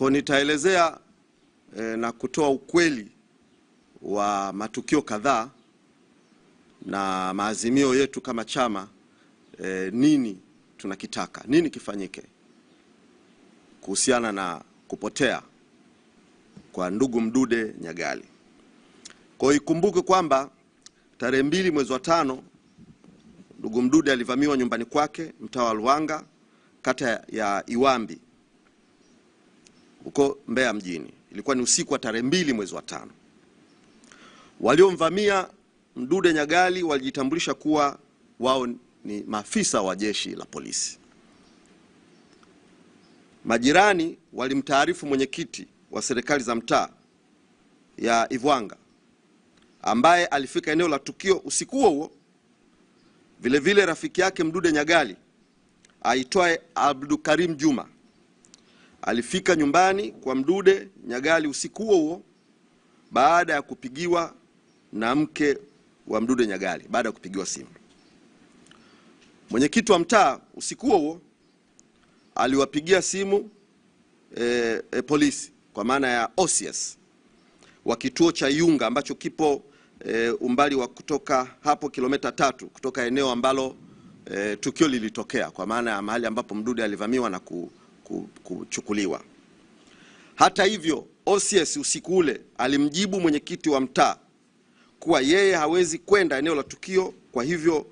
Kwa nitaelezea e, na kutoa ukweli wa matukio kadhaa na maazimio yetu kama chama e, nini tunakitaka, nini kifanyike kuhusiana na kupotea kwa ndugu Mdude Nyagali. Kwa hiyo ikumbuke kwamba tarehe mbili mwezi wa tano ndugu Mdude alivamiwa nyumbani kwake mtaa wa luanga kata ya Iwambi huko Mbeya mjini. Ilikuwa ni usiku wa tarehe mbili mwezi wa tano. Waliomvamia Mdude Nyagali walijitambulisha kuwa wao ni maafisa wa jeshi la polisi. Majirani walimtaarifu mwenyekiti wa serikali za mtaa ya Ivwanga ambaye alifika eneo la tukio usiku huo huo. Vilevile rafiki yake Mdude Nyagali aitwaye Abdukarim Juma Alifika nyumbani kwa Mdude Nyagali usiku huo huo baada ya kupigiwa na mke wa Mdude Nyagali baada ya kupigiwa simu. Mwenyekiti wa mtaa usiku huo huo aliwapigia simu e, e, polisi kwa maana ya OCS wa kituo cha Iunga ambacho kipo e, umbali wa kutoka hapo kilomita tatu kutoka eneo ambalo e, tukio lilitokea kwa maana ya mahali ambapo Mdude alivamiwa na ku kuchukuliwa. Hata hivyo, OCS usiku ule alimjibu mwenyekiti wa mtaa kuwa yeye hawezi kwenda eneo la tukio, kwa hivyo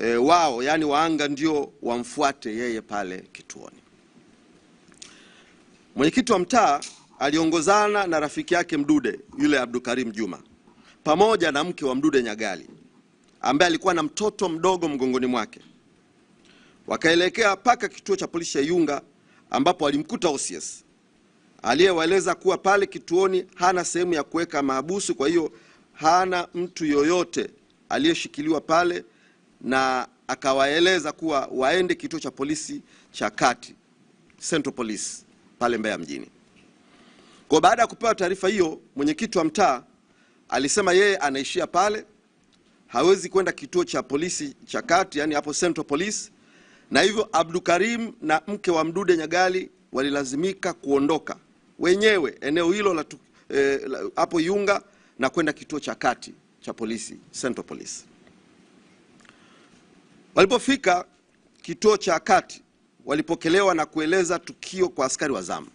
e, wao yaani waanga ndio wamfuate yeye pale kituoni. Mwenyekiti wa mtaa aliongozana na rafiki yake Mdude yule Abdukarim Juma pamoja na mke wa Mdude Nyagali ambaye alikuwa na mtoto mdogo mgongoni mwake, wakaelekea mpaka kituo cha polisi cha Iunga ambapo alimkuta Osias aliyewaeleza kuwa pale kituoni hana sehemu ya kuweka mahabusu, kwa hiyo hana mtu yoyote aliyeshikiliwa pale, na akawaeleza kuwa waende kituo cha polisi cha kati Central Police pale Mbeya mjini. Kwa baada ya kupewa taarifa hiyo, mwenyekiti wa mtaa alisema yeye anaishia pale, hawezi kwenda kituo cha polisi cha kati, yani hapo Central Police, na hivyo Abdukarim na mke wa Mdude Nyagali walilazimika kuondoka wenyewe eneo hilo la eh, hapo eh, Iunga na kwenda kituo cha kati cha polisi Central Police. Walipofika kituo cha kati walipokelewa na kueleza tukio kwa askari wa zamu,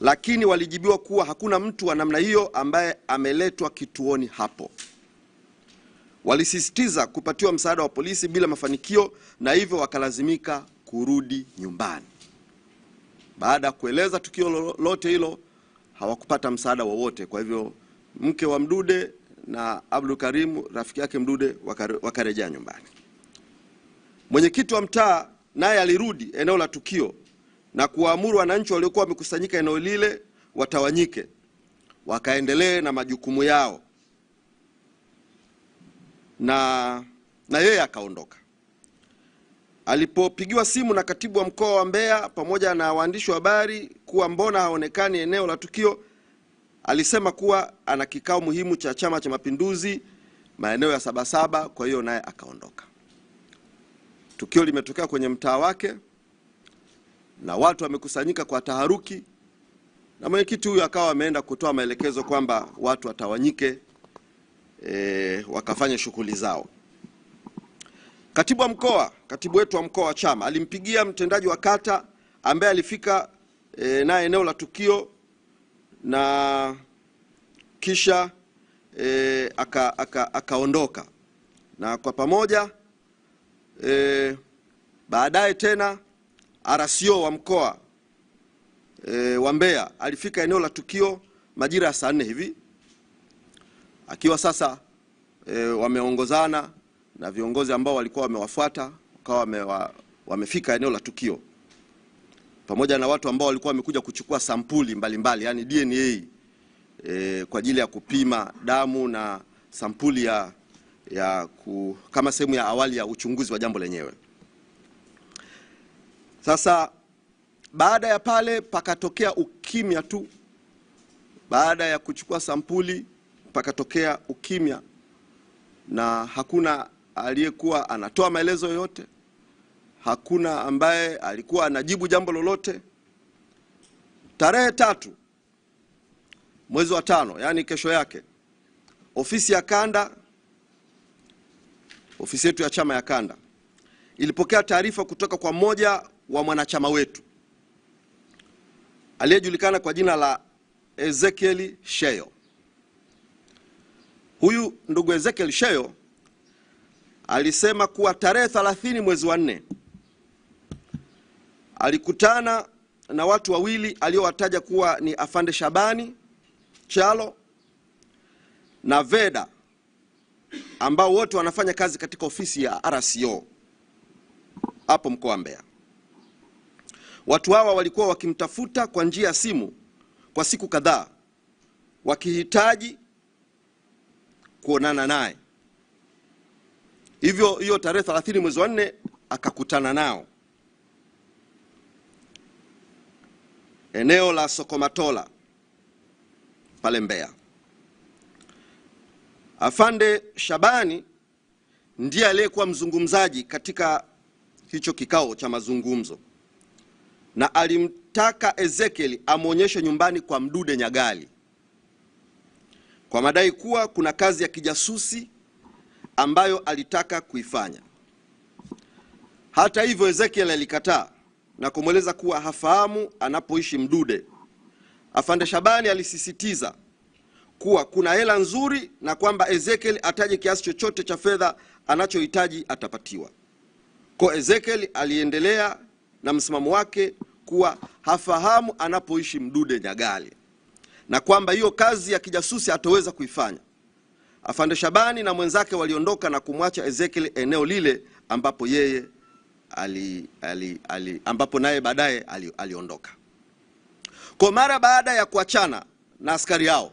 lakini walijibiwa kuwa hakuna mtu wa namna hiyo ambaye ameletwa kituoni hapo. Walisisitiza kupatiwa msaada wa polisi bila mafanikio na hivyo wakalazimika kurudi nyumbani. Baada ya kueleza tukio lolote hilo, hawakupata msaada wowote. Kwa hivyo mke wa Mdude na Abdul Karim rafiki yake Mdude wakarejea nyumbani. Mwenyekiti wa mtaa naye alirudi eneo la tukio na kuwaamuru wananchi waliokuwa wamekusanyika eneo lile watawanyike, wakaendelee na majukumu yao na, na yeye akaondoka. Alipopigiwa simu na katibu wa mkoa wa Mbeya pamoja na waandishi wa habari kuwa mbona haonekani eneo la tukio, alisema kuwa ana kikao muhimu cha Chama cha Mapinduzi maeneo ya Sabasaba, kwa hiyo naye akaondoka. Tukio limetokea kwenye mtaa wake na watu wamekusanyika kwa taharuki, na mwenyekiti huyu akawa ameenda kutoa maelekezo kwamba watu watawanyike e, wakafanya shughuli zao. Katibu wa mkoa, katibu wetu wa mkoa wa chama alimpigia mtendaji wa kata ambaye alifika e, naye eneo la tukio na kisha e, akaondoka aka, aka na kwa pamoja e, baadaye tena RCO wa mkoa e, wa Mbeya alifika eneo la tukio majira ya saa nne hivi akiwa sasa e, wameongozana na viongozi ambao walikuwa wamewafuata wakawa wamewa, wamefika eneo la tukio pamoja na watu ambao walikuwa wamekuja kuchukua sampuli mbalimbali yani DNA e, eh, kwa ajili ya kupima damu na sampuli ya, ya ku, kama sehemu ya awali ya uchunguzi wa jambo lenyewe. Sasa baada ya pale pakatokea ukimya tu baada ya kuchukua sampuli pakatokea ukimya na hakuna aliyekuwa anatoa maelezo yoyote, hakuna ambaye alikuwa anajibu jambo lolote. Tarehe tatu mwezi wa tano, yaani kesho yake, ofisi ya kanda, ofisi yetu ya chama ya kanda ilipokea taarifa kutoka kwa mmoja wa mwanachama wetu aliyejulikana kwa jina la Ezekiel Sheyo Huyu ndugu Ezekiel Sheyo alisema kuwa tarehe 30 mwezi wa nne alikutana na watu wawili aliowataja kuwa ni Afande Shabani Chalo na Veda ambao wote wanafanya kazi katika ofisi ya RCO hapo mkoa wa Mbeya. Watu hawa walikuwa wakimtafuta kwa njia ya simu kwa siku kadhaa wakihitaji kuonana naye. Hivyo hiyo tarehe 30 mwezi wa 4 akakutana nao eneo la Sokomatola pale Mbeya. Afande Shabani ndiye aliyekuwa mzungumzaji katika hicho kikao cha mazungumzo na alimtaka Ezekiel amwonyeshe nyumbani kwa Mdude Nyagali kwa madai kuwa kuna kazi ya kijasusi ambayo alitaka kuifanya. Hata hivyo, Ezekiel alikataa na kumweleza kuwa hafahamu anapoishi Mdude. Afande Shabani alisisitiza kuwa kuna hela nzuri na kwamba Ezekiel ataje kiasi chochote cha fedha anachohitaji atapatiwa. Kwa Ezekiel aliendelea na msimamo wake kuwa hafahamu anapoishi Mdude Nyagali na kwamba hiyo kazi ya kijasusi hatoweza kuifanya. Afande Shabani na mwenzake waliondoka na kumwacha Ezekiel eneo lile ambapo yeye ali, ali, ali, ambapo naye baadaye ali, aliondoka. Kwa mara baada ya kuachana na askari hao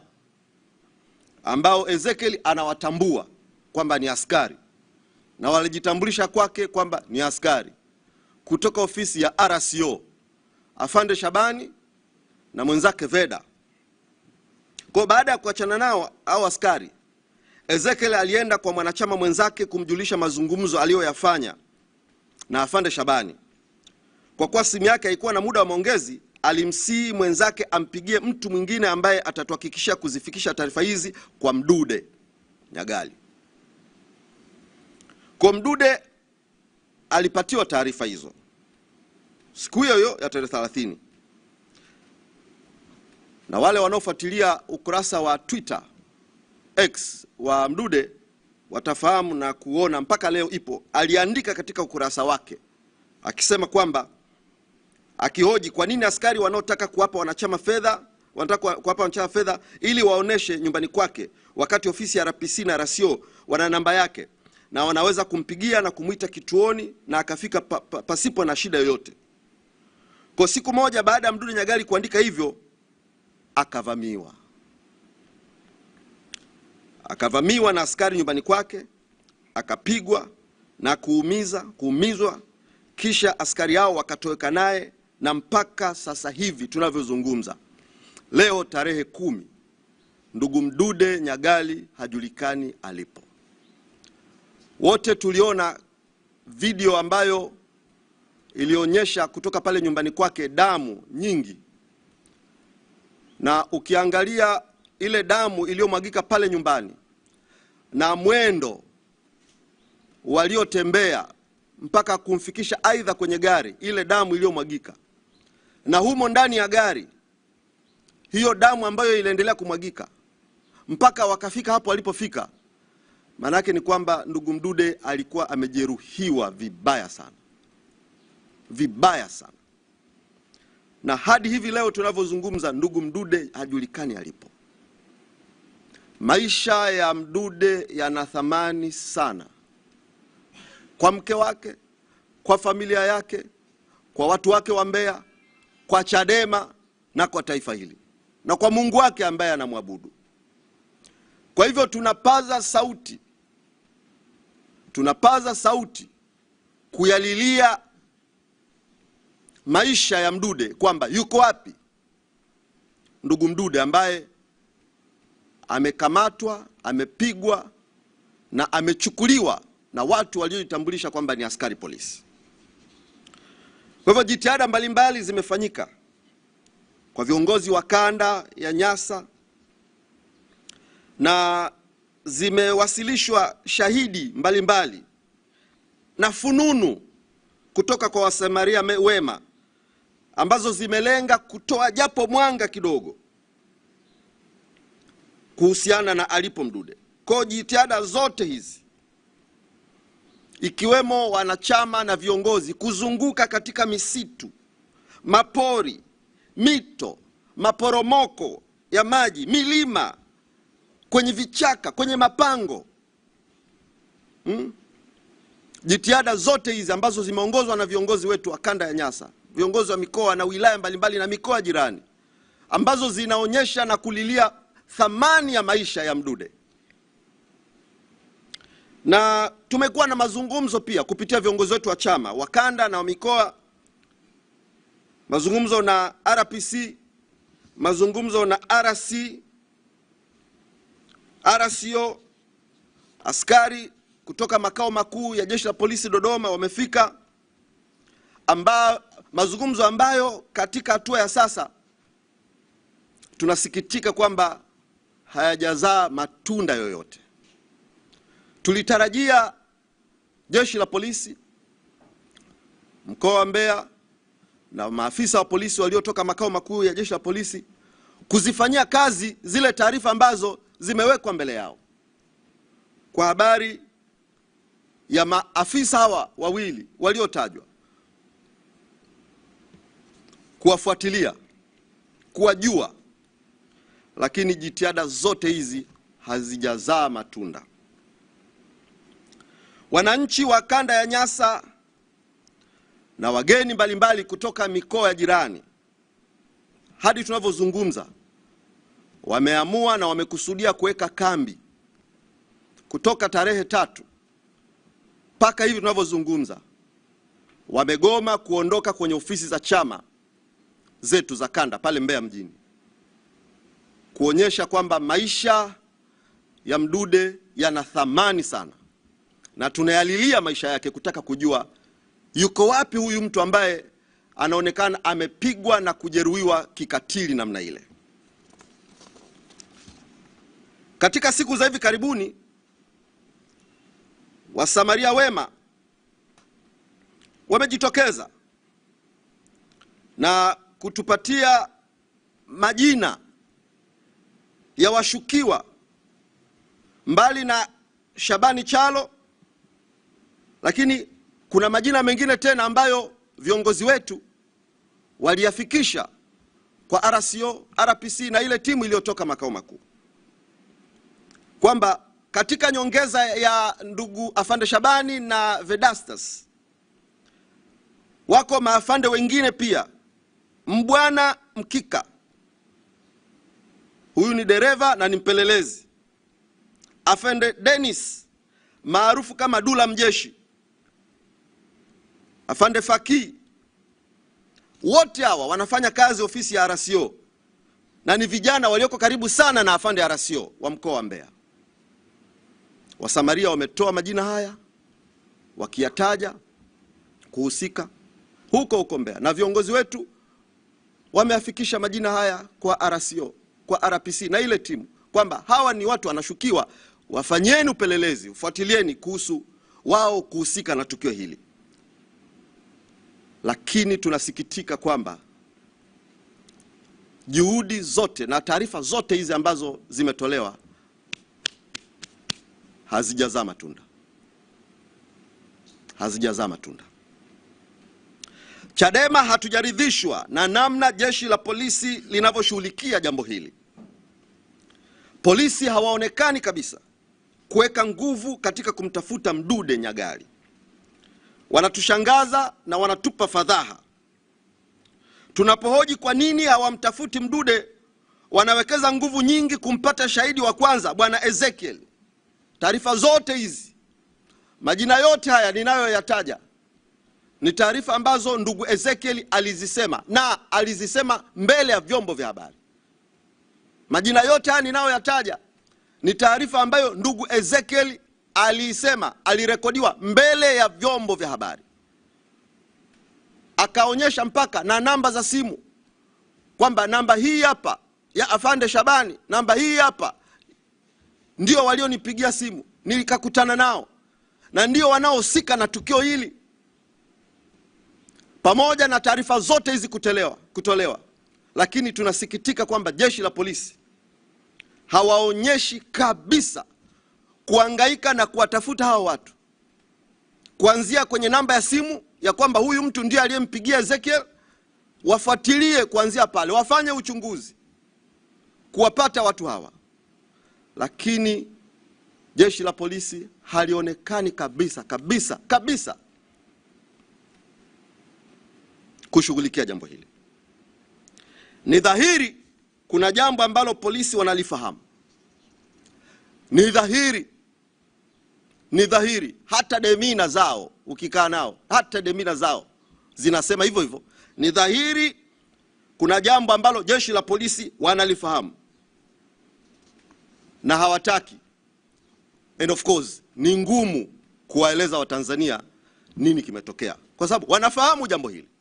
ambao Ezekiel anawatambua kwamba ni askari na walijitambulisha kwake kwamba ni askari kutoka ofisi ya RCO, Afande Shabani na mwenzake Veda kwa baada ya kuachana nao au askari, Ezekiel alienda kwa mwanachama mwenzake kumjulisha mazungumzo aliyoyafanya na Afande Shabani. Kwa kuwa simu yake haikuwa na muda wa maongezi, alimsii mwenzake ampigie mtu mwingine ambaye atatuhakikishia kuzifikisha taarifa hizi kwa Mdude Nyagali. Kwa Mdude alipatiwa taarifa hizo siku hiyo hiyo ya tarehe 30 na wale wanaofuatilia ukurasa wa Twitter X wa Mdude watafahamu na kuona mpaka leo ipo. Aliandika katika ukurasa wake akisema kwamba akihoji kwa nini askari wanaotaka kuwapa wanachama fedha wanataka kuwapa wanachama fedha ili waoneshe nyumbani kwake, wakati ofisi ya RPC na RCO wana namba yake na wanaweza kumpigia na kumwita kituoni na akafika pa, pa, pasipo na shida yoyote. Kwa siku moja baada ya Mdude Nyagali kuandika hivyo akavamiwa. Akavamiwa na askari nyumbani kwake, akapigwa na kuumiza kuumizwa, kisha askari hao wakatoweka naye, na mpaka sasa hivi tunavyozungumza leo tarehe kumi, ndugu Mdude Nyagali hajulikani alipo. Wote tuliona video ambayo ilionyesha kutoka pale nyumbani kwake damu nyingi na ukiangalia ile damu iliyomwagika pale nyumbani na mwendo waliotembea mpaka kumfikisha aidha kwenye gari, ile damu iliyomwagika, na humo ndani ya gari hiyo damu ambayo iliendelea kumwagika mpaka wakafika hapo walipofika, maanake ni kwamba ndugu Mdude alikuwa amejeruhiwa vibaya sana, vibaya sana na hadi hivi leo tunavyozungumza, ndugu Mdude hajulikani alipo. Maisha ya Mdude yana thamani sana kwa mke wake, kwa familia yake, kwa watu wake wa Mbeya, kwa Chadema na kwa taifa hili na kwa Mungu wake ambaye anamwabudu. Kwa hivyo tunapaza sauti, tunapaza sauti kuyalilia maisha ya Mdude kwamba yuko wapi ndugu Mdude ambaye amekamatwa, amepigwa na amechukuliwa na watu waliojitambulisha kwamba ni askari polisi. Kwa hivyo jitihada mbalimbali zimefanyika kwa viongozi wa kanda ya Nyasa na zimewasilishwa shahidi mbalimbali mbali na fununu kutoka kwa wasamaria wema ambazo zimelenga kutoa japo mwanga kidogo kuhusiana na alipo Mdude. Kwa jitihada zote hizi ikiwemo wanachama na viongozi kuzunguka katika misitu, mapori, mito, maporomoko ya maji, milima, kwenye vichaka, kwenye mapango hmm? Jitihada zote hizi ambazo zimeongozwa na viongozi wetu wa kanda ya Nyasa viongozi wa mikoa na wilaya mbalimbali na mikoa jirani ambazo zinaonyesha na kulilia thamani ya maisha ya Mdude, na tumekuwa na mazungumzo pia kupitia viongozi wetu wa chama wa kanda na wa mikoa, mazungumzo na RPC, mazungumzo na RC, RCO, askari kutoka makao makuu ya jeshi la polisi Dodoma wamefika amba, mazungumzo ambayo katika hatua ya sasa tunasikitika kwamba hayajazaa matunda yoyote. Tulitarajia jeshi la polisi mkoa wa Mbeya na maafisa wa polisi waliotoka makao makuu ya jeshi la polisi kuzifanyia kazi zile taarifa ambazo zimewekwa mbele yao. Kwa habari ya maafisa hawa wawili waliotajwa kuwafuatilia, kuwajua, lakini jitihada zote hizi hazijazaa matunda. Wananchi wa kanda ya Nyasa na wageni mbalimbali kutoka mikoa ya jirani, hadi tunavyozungumza, wameamua na wamekusudia kuweka kambi kutoka tarehe tatu mpaka hivi tunavyozungumza, wamegoma kuondoka kwenye ofisi za chama zetu za kanda pale Mbeya mjini kuonyesha kwamba maisha ya Mdude yana thamani sana, na tunayalilia maisha yake, kutaka kujua yuko wapi huyu mtu ambaye anaonekana amepigwa na kujeruhiwa kikatili namna ile. Katika siku za hivi karibuni, Wasamaria wema wamejitokeza na kutupatia majina ya washukiwa mbali na Shabani Chalo, lakini kuna majina mengine tena ambayo viongozi wetu waliyafikisha kwa RCO, RPC na ile timu iliyotoka makao makuu kwamba katika nyongeza ya ndugu Afande Shabani na Vedastus wako maafande wengine pia Mbwana Mkika, huyu ni dereva na ni mpelelezi. Afande Dennis maarufu kama Dula Mjeshi, Afande Faki, wote hawa wanafanya kazi ofisi ya RCO na ni vijana walioko karibu sana na afande RCO wa mkoa wa Mbeya. Wasamaria wametoa majina haya wakiyataja kuhusika huko huko Mbeya na viongozi wetu wameafikisha majina haya kwa RCO, kwa RPC na ile timu kwamba hawa ni watu wanashukiwa, wafanyeni upelelezi, ufuatilieni kuhusu wao kuhusika na tukio hili. Lakini tunasikitika kwamba juhudi zote na taarifa zote hizi ambazo zimetolewa hazijazaa matunda, hazijazaa matunda. Chadema hatujaridhishwa na namna jeshi la polisi linavyoshughulikia jambo hili. Polisi hawaonekani kabisa kuweka nguvu katika kumtafuta Mdude Nyagali. Wanatushangaza na wanatupa fadhaha. Tunapohoji kwa nini hawamtafuti Mdude, wanawekeza nguvu nyingi kumpata shahidi wa kwanza, bwana Ezekiel. Taarifa zote hizi, majina yote haya ninayoyataja ni taarifa ambazo ndugu Ezekiel alizisema na alizisema mbele ya vyombo vya habari. Majina yote haya ninayoyataja ni taarifa ambayo ndugu Ezekiel aliisema, alirekodiwa mbele ya vyombo vya habari, akaonyesha mpaka na namba za simu kwamba namba hii hapa ya afande Shabani, namba hii hapa ndio walionipigia simu, nilikakutana nao na ndio wanaohusika na tukio hili pamoja na taarifa zote hizi kutolewa, kutolewa, lakini tunasikitika kwamba jeshi la polisi hawaonyeshi kabisa kuangaika na kuwatafuta hawa watu, kuanzia kwenye namba ya simu ya kwamba huyu mtu ndiye aliyempigia Ezekiel, wafuatilie kuanzia pale, wafanye uchunguzi kuwapata watu hawa, lakini jeshi la polisi halionekani kabisa kabisa kabisa. kushughulikia jambo hili. Ni dhahiri kuna jambo ambalo polisi wanalifahamu, ni dhahiri, ni dhahiri. Hata demina zao ukikaa nao, hata demina zao zinasema hivyo hivyo. Ni dhahiri kuna jambo ambalo jeshi la polisi wanalifahamu na hawataki, and of course ni ngumu kuwaeleza Watanzania nini kimetokea, kwa sababu wanafahamu jambo hili.